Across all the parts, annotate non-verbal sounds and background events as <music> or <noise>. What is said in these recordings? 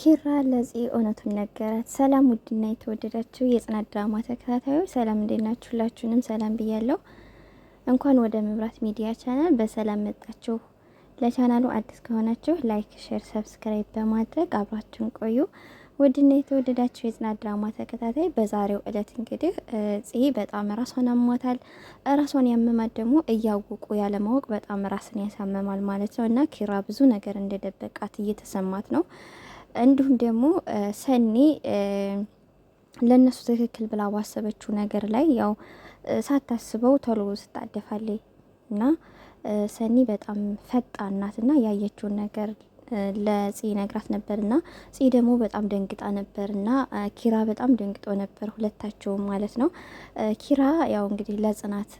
ኪራ ለጽ እውነቱን ነገራት። ሰላም ውድና የተወደዳችሁ የጽናት ድራማ ተከታታዮች ሰላም እንዴት ናችሁ? ሁላችሁንም ሰላም ብያለሁ። እንኳን ወደ መብራት ሚዲያ ቻናል በሰላም መጣችሁ። ለቻናሉ አዲስ ከሆናችሁ ላይክ፣ ሼር፣ ሰብስክራይብ በማድረግ አብራችሁን ቆዩ። ውድና የተወደዳችሁ የጽናት ድራማ ተከታታይ በዛሬው እለት እንግዲህ ጽ በጣም ራሷን አሟታል። ራሷን ያመማት ደግሞ እያወቁ ያለማወቅ በጣም ራስን ያሳመማል ማለት ነው እና ኪራ ብዙ ነገር እንደደበቃት እየተሰማት ነው እንዲሁም ደግሞ ሰኒ ለእነሱ ትክክል ብላ ባሰበችው ነገር ላይ ያው ሳታስበው ቶሎ ስታደፋለች እና ሰኒ በጣም ፈጣን ናት እና ያየችውን ነገር ለጽ ነግራት ነበር እና ጽ ደግሞ በጣም ደንግጣ ነበር እና ኪራ በጣም ደንግጦ ነበር፣ ሁለታቸውም ማለት ነው። ኪራ ያው እንግዲህ ለጽናት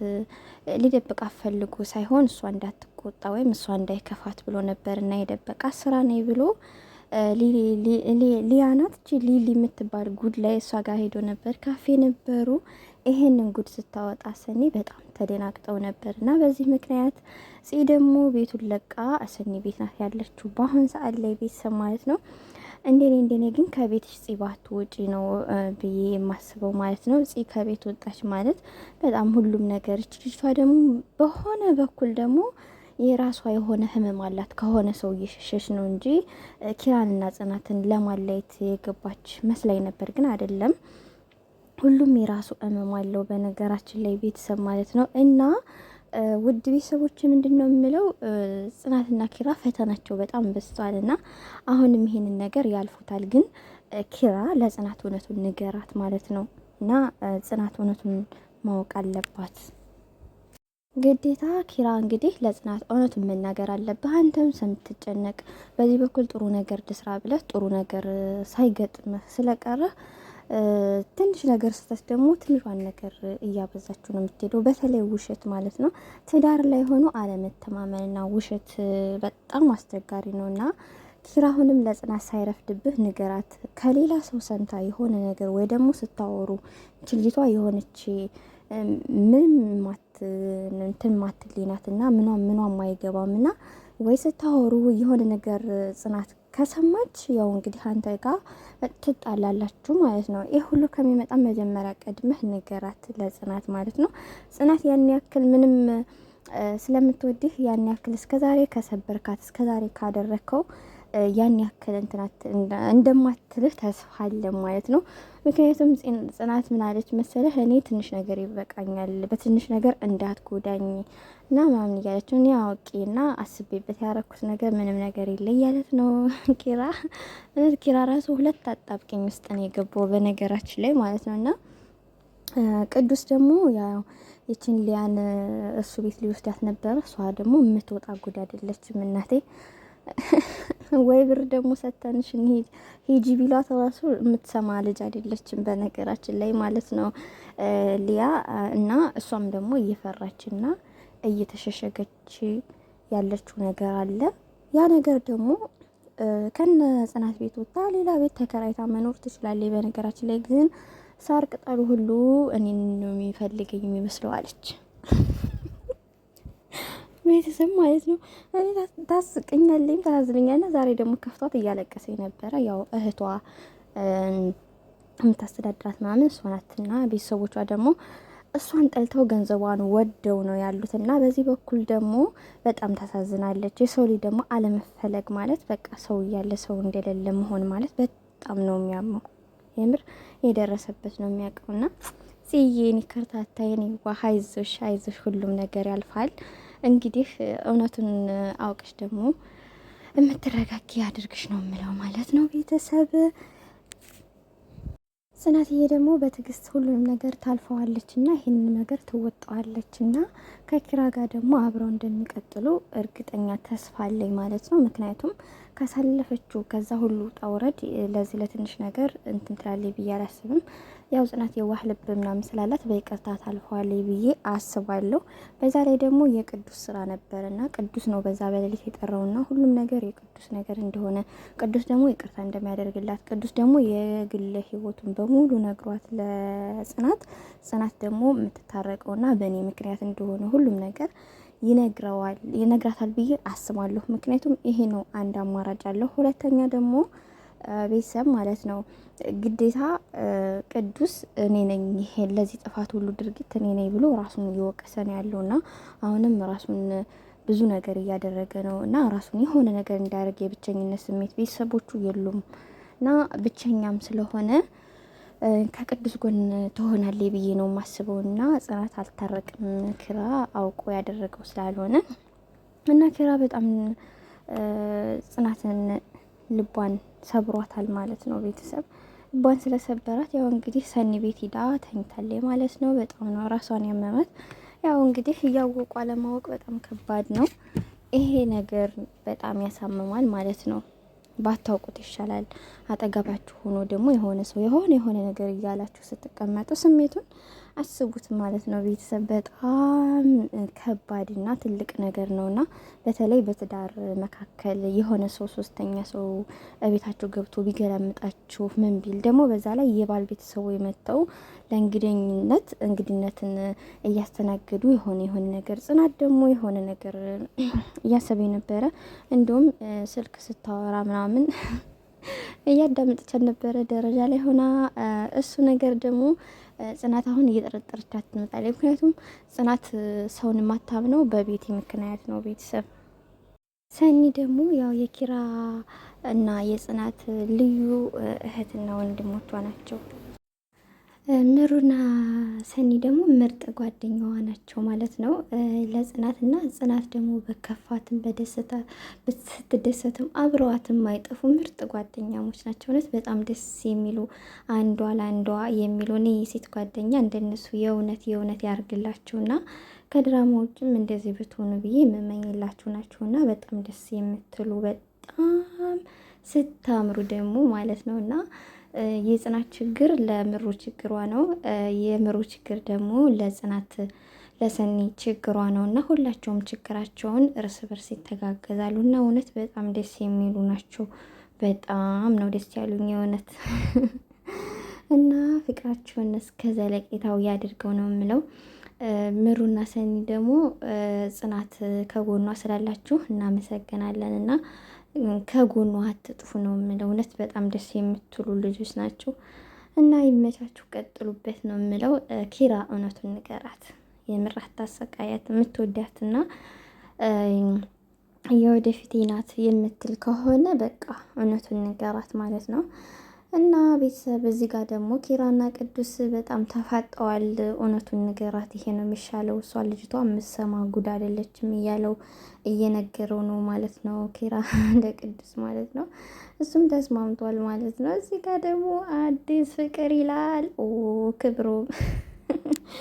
ሊደብቅ አፈልጉ ሳይሆን እሷ እንዳትቆጣ ወይም እሷ እንዳይከፋት ብሎ ነበር እና የደበቃ ስራ ነኝ ብሎ ሊያ ናት እቺ ሊሊ የምትባል ጉድ ላይ እሷ ጋር ሄዶ ነበር፣ ካፌ ነበሩ። ይሄንን ጉድ ስታወጣ ሰኒ በጣም ተደናግጠው ነበር። እና በዚህ ምክንያት ጽ ደግሞ ቤቱን ለቃ ሰኒ ቤት ናት ያለችው በአሁን ሰዓት ላይ ቤተሰብ ማለት ነው። እንደኔ እንደኔ ግን ከቤትሽ ፅ ውጪ ነው ብዬ የማስበው ማለት ነው። ጽ ከቤት ወጣች ማለት በጣም ሁሉም ነገር እች ልጅቷ ደግሞ በሆነ በኩል ደግሞ የራሷ የሆነ ህመም አላት። ከሆነ ሰው እየሸሸች ነው እንጂ ኪራንና ጽናትን ለማለየት የገባች መስላኝ ነበር፣ ግን አይደለም። ሁሉም የራሱ ህመም አለው። በነገራችን ላይ ቤተሰብ ማለት ነው እና ውድ ቤተሰቦች ምንድን ነው የምለው፣ ጽናትና ኪራ ፈተናቸው በጣም በስቷል እና አሁንም ይሄንን ነገር ያልፉታል። ግን ኪራ ለጽናት እውነቱን ንገራት ማለት ነው እና ጽናት እውነቱን ማወቅ አለባት። ግዴታ ኪራ እንግዲህ ለጽናት እውነቱን መናገር አለብህ። አንተም ስምትጨነቅ በዚህ በኩል ጥሩ ነገር ድስራ ብለህ ጥሩ ነገር ሳይገጥምህ ስለቀረህ ትንሽ ነገር ስህተት ደግሞ ትንሿን ነገር እያበዛችሁ ነው የምትሄደው። በተለይ ውሸት ማለት ነው። ትዳር ላይ ሆኖ አለመተማመንና ውሸት በጣም አስቸጋሪ ነው እና ኪራሁንም ለጽናት ሳይረፍድብህ ንገራት። ከሌላ ሰው ሰምታ የሆነ ነገር ወይ ደግሞ ስታወሩ ችልጅቷ የሆነች ምን እንትን ማትልኝ እና ምኗም ምኗም አይገባም እና ወይ ስታወሩ የሆነ ነገር ጽናት ከሰማች ያው እንግዲህ አንተ ጋር ትጣላላችሁ ማለት ነው። ይህ ሁሉ ከሚመጣ መጀመሪያ ቀድመህ ንገራት ለጽናት ማለት ነው። ጽናት ያን ያክል ምንም ስለምትወድህ ያን ያክል እስከዛሬ ከሰበርካት እስከዛሬ ካደረግከው ያን ያክል እንትናት እንደማትልህ ተስፋ ማለት ነው። ምክንያቱም ጽናት ምናለች መሰለህ እኔ ትንሽ ነገር ይበቃኛል፣ በትንሽ ነገር እንዳትጎዳኝ እና ምናምን እያለች እኔ አውቄ እና አስቤበት ያረኩት ነገር ምንም ነገር የለ እያለት ነው <laughs> ኪራ። ኪራ ራሱ ሁለት አጣብቂኝ ውስጥ ነው የገባው በነገራችን ላይ ማለት ነው እና ቅዱስ ደግሞ ያው ይችን ሊያን እሱ ቤት ሊወስዳት ነበረ። እሷ ደግሞ የምትወጣ ጉድ አይደለችም እናቴ ወይ ብር ደግሞ ሰተንሽ እንሂድ ሂጂ ቢሏት ራሱ የምትሰማ ልጅ አይደለችም፣ በነገራችን ላይ ማለት ነው ሊያ እና እሷም ደግሞ እየፈራች እየፈራችና እየተሸሸገች ያለችው ነገር አለ። ያ ነገር ደግሞ ከነ ጽናት ቤት ወጣ ሌላ ቤት ተከራይታ መኖር ትችላለች። በነገራችን ላይ ግን ሳር ቅጠሉ ሁሉ እኔን ነው የሚፈልገኝ የሚመስለው አለች። ቤተሰብ ማለት ነው። እኔ ታስቀኛለኝ፣ ታሳዝነኛልና ዛሬ ደግሞ ከፍቷት እያለቀሰኝ ነበረ። ያው እህቷ የምታስተዳድራት ምናምን እሷ ናትና ቤተሰቦቿ ደግሞ እሷን ጠልተው ገንዘቧን ወደው ነው ያሉት። እና በዚህ በኩል ደግሞ በጣም ታሳዝናለች። የሰው ልጅ ደግሞ አለመፈለግ ማለት በቃ ሰው እያለ ሰው እንደሌለ መሆን ማለት በጣም ነው የሚያመው። የምር የደረሰበት ነው የሚያውቀውና ጽዬን ይከርታታይን ይዋ አይዞሽ፣ አይዞሽ ሁሉም ነገር ያልፋል። እንግዲህ እውነቱን አውቅሽ ደግሞ የምትረጋጊ አድርግሽ ነው የምለው ማለት ነው ቤተሰብ ጽናትዬ ደግሞ በትዕግስት ሁሉንም ነገር ታልፈዋለች እና ይህንን ነገር ትወጣዋለች እና ከኪራ ጋር ደግሞ አብረው እንደሚቀጥሉ እርግጠኛ ተስፋ አለኝ ማለት ነው። ምክንያቱም ካሳለፈችው ከዛ ሁሉ ጣውረድ ለዚህ ለትንሽ ነገር እንትን ትላለች ብዬ አላስብም። ያው ጽናት የዋህ ልብ ምናምን ስላላት በይቅርታ ታልፏል ብዬ አስባለሁ። በዛ ላይ ደግሞ የቅዱስ ስራ ነበር እና ቅዱስ ነው በዛ በሌሊት የጠራውና ሁሉም ነገር የቅዱስ ነገር እንደሆነ ቅዱስ ደግሞ ይቅርታ እንደሚያደርግላት ቅዱስ ደግሞ የግል ህይወቱን በሙሉ ነግሯት ለጽናት ጽናት ደግሞ የምትታረቀውና በእኔ ምክንያት እንደሆነ ሁሉም ነገር ይነግረዋል ይነግራታል ብዬ አስባለሁ። ምክንያቱም ይሄ ነው አንድ አማራጭ አለው። ሁለተኛ ደግሞ ቤተሰብ ማለት ነው ግዴታ ቅዱስ እኔ ነኝ ይሄ ለዚህ ጥፋት ሁሉ ድርጊት እኔ ነኝ ብሎ ራሱን እየወቀሰ ነው ያለው እና አሁንም ራሱን ብዙ ነገር እያደረገ ነው እና ራሱን የሆነ ነገር እንዳያደርግ የብቸኝነት ስሜት ቤተሰቦቹ የሉም እና ብቸኛም ስለሆነ ከቅዱስ ጎን ተሆናሌ ብዬ ነው የማስበው እና ጽናት አልታረቅም ኪራ አውቆ ያደረገው ስላልሆነ እና ኪራ በጣም ጽናትን ልቧን ሰብሯታል ማለት ነው ቤተሰብ ልቧን ስለሰበራት ያው እንግዲህ ሰኒ ቤት ሂዳ ተኝታለች ማለት ነው። በጣም ነው ራሷን ያመመት። ያው እንግዲህ እያወቁ አለማወቅ በጣም ከባድ ነው። ይሄ ነገር በጣም ያሳምማል ማለት ነው። ባታውቁት ይሻላል። አጠገባችሁ ሆኖ ደግሞ የሆነ ሰው የሆነ የሆነ ነገር እያላችሁ ስትቀመጡ ስሜቱን አስቡት ማለት ነው ቤተሰብ በጣም ከባድና ትልቅ ነገር ነው እና በተለይ በትዳር መካከል የሆነ ሰው ሶስተኛ ሰው ቤታቸው ገብቶ ቢገላምጣችሁ ምን ቢል ደግሞ በዛ ላይ የባል ቤተሰቡ የመተው ለእንግደኝነት እንግድነትን እያስተናገዱ የሆነ የሆነ ነገር ጽናት ደግሞ የሆነ ነገር እያሰበ ነበረ። እንዲሁም ስልክ ስታወራ ምናምን እያዳመጠቻት ነበረ ደረጃ ላይ ሆና እሱ ነገር ደግሞ ጽናት አሁን እየጠረጠረቻት ትመጣለች። ምክንያቱም ጽናት ሰውን የማታምነው በቤት ምክንያት ነው። ቤተሰብ ሰኒ ደግሞ ያው የኪራ እና የጽናት ልዩ እህትና ወንድሞቿ ናቸው። ምሩና ሰኒ ደግሞ ምርጥ ጓደኛዋ ናቸው ማለት ነው ለጽናት እና ጽናት ደግሞ በከፋትም በደስታ ብትደሰትም አብረዋትም ማይጠፉ ምርጥ ጓደኛሞች ናቸው። እውነት በጣም ደስ የሚሉ አንዷ ለአንዷ የሚሉ እኔ የሴት ጓደኛ እንደነሱ የእውነት የእውነት ያርግላችሁ ያርግላችሁና ከድራማዎችም እንደዚህ ብትሆኑ ብዬ የምመኝላችሁ ናችሁና በጣም ደስ የምትሉ በጣም ስታምሩ ደግሞ ማለት ነው እና የጽናት ችግር ለምሩ ችግሯ ነው። የምሩ ችግር ደግሞ ለጽናት ለሰኒ ችግሯ ነው እና ሁላቸውም ችግራቸውን እርስ በርስ ይተጋገዛሉ እና እውነት በጣም ደስ የሚሉ ናቸው። በጣም ነው ደስ ያሉኝ የእውነት <laughs> እና ፍቅራቸውን እስከ ዘለቄታው ያድርገው ነው የምለው። ምሩና ሰኒ ደግሞ ጽናት ከጎኗ ስላላችሁ እናመሰግናለን እና ከጎኗ አትጥፉ ነው የምለው። እውነት በጣም ደስ የምትሉ ልጆች ናችሁ እና ይመቻችሁ፣ ቀጥሉበት ነው የምለው። ኪራ እውነቱን ንገራት፣ የምር አታሰቃያት። የምትወዳትና የወደፊት ናት የምትል ከሆነ በቃ እውነቱን ንገራት ማለት ነው። እና ቤተሰብ እዚህ ጋር ደግሞ ኪራና ቅዱስ በጣም ተፋጠዋል። እውነቱን ንገራት፣ ይሄ ነው የሚሻለው፣ እሷ ልጅቷ የምትሰማ ጉድ አይደለችም እያለው እየነገረው ነው ማለት ነው። ኪራ ለቅዱስ <laughs> ማለት ነው። እሱም ተስማምቷል ማለት ነው። እዚህ ጋር ደግሞ አዲስ ፍቅር ይላል ክብሮም <laughs>